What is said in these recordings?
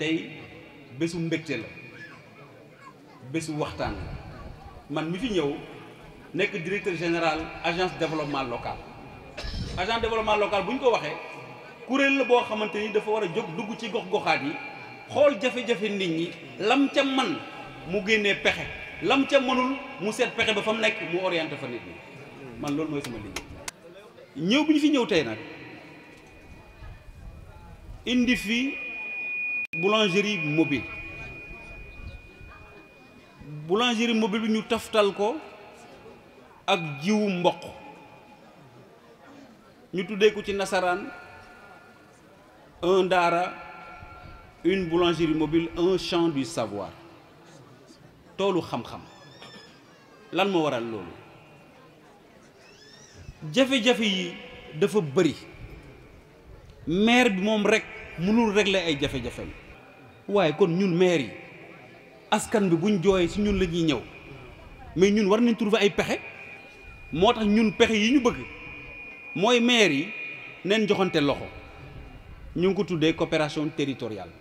tay besu mbecte la besu waxtan man mi fi ñew nek directeur général agence développement local agence développement local buñ ko waxee kurel la bo xamanteni dafa wara jog jóg dugg ci gox-goxaat yi xol jafé jafé nit ñi lam ca man mu génnee pexé lam ca mënul mu sét pexé ba fam mu mu orienter fa nit ñi man lool moy sama liggéey ñew buñ fi ñew tay nak indi fi boulangerie mobile boulangerie mobile nous avons fait un ak jiwu Nous un dara, une boulangerie mobile un champ du savoir toolu xam-xam lan moo waral loolu jafe-jafe yi dafa bëri maire bi régler waaye kon ñun maire yi askan bi buñ jooyee si ñun la ñuy ñëw mais ñun war nañ trouver ay pexe moo tax ñun pexe yi ñu bëgg mooy maire yi neen joxante loxo ñu ko tuddee coopération territoriale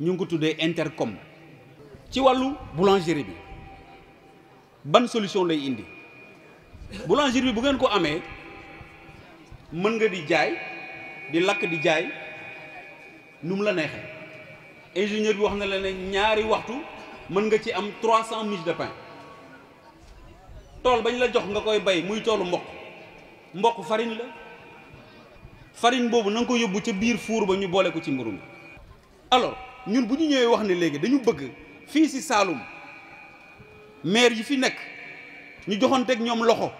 ñun ko tuddee intercom ci wàllu boulangerie bi ban solution lay indi boulangerie bi bu ngeen ko amee mën nga di jaay di lakk di jaay nu mu la neexee ingénieur bi wax na la né ñaari waxtu mën nga ci am 300 miches de pain tol bañ la jox nga koy bay muy tolu mbokk mbokk farine la farine bobu nang ko yobbu ci bir four ba ñu bolé ko ci mburum alors ñun buñu ñëwé wax ne légui dañu bëgg fi ci Saloum maire yi fi nek ñu ak ñom loxo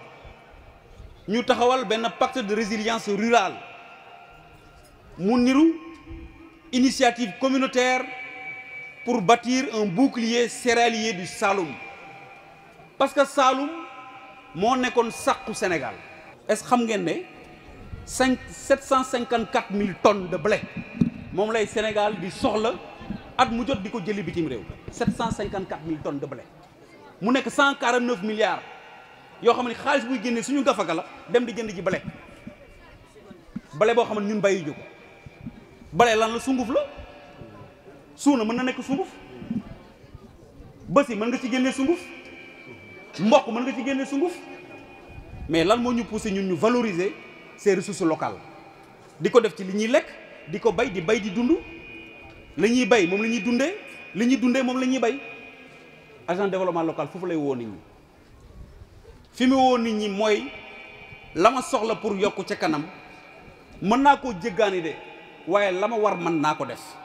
ñu taxawal ben pacte de résilience rurale mu niru initiative communautaire pour bâtir un bouclier céréalier du Saloum. Parce que Saloum, mon un sac au Sénégal. Est-ce que vous savez 754 000 tonnes de blé. Mon le Sénégal du sol, et je suis venu à la 754 000 tonnes de blé. Il y a 149 milliards. Yo xamni xaliss buy guéné suñu gafaka la dem di jënd blé, balé balé bo xamni ñun bayu joko bale lan la sunguf la suuna mën na nekk sunguf bësi mën nga ci génne sunguf mboq mën nga ci génne sunguf mais lan moo ñu poussé ñun ñu valoriser ces ressources locales di ko def ci li ñuy lekk di ko bay di bay di dund li ñuy bay moom la ñuy dundee li ñuy dundee moom la ñuy bay agent développement local foofu lay woo nit ñi fi mu woo nit ñi mooy la ma soxla pour yokk ca kanam mën naa koo jéggaani de waaye la ma war man naa ko def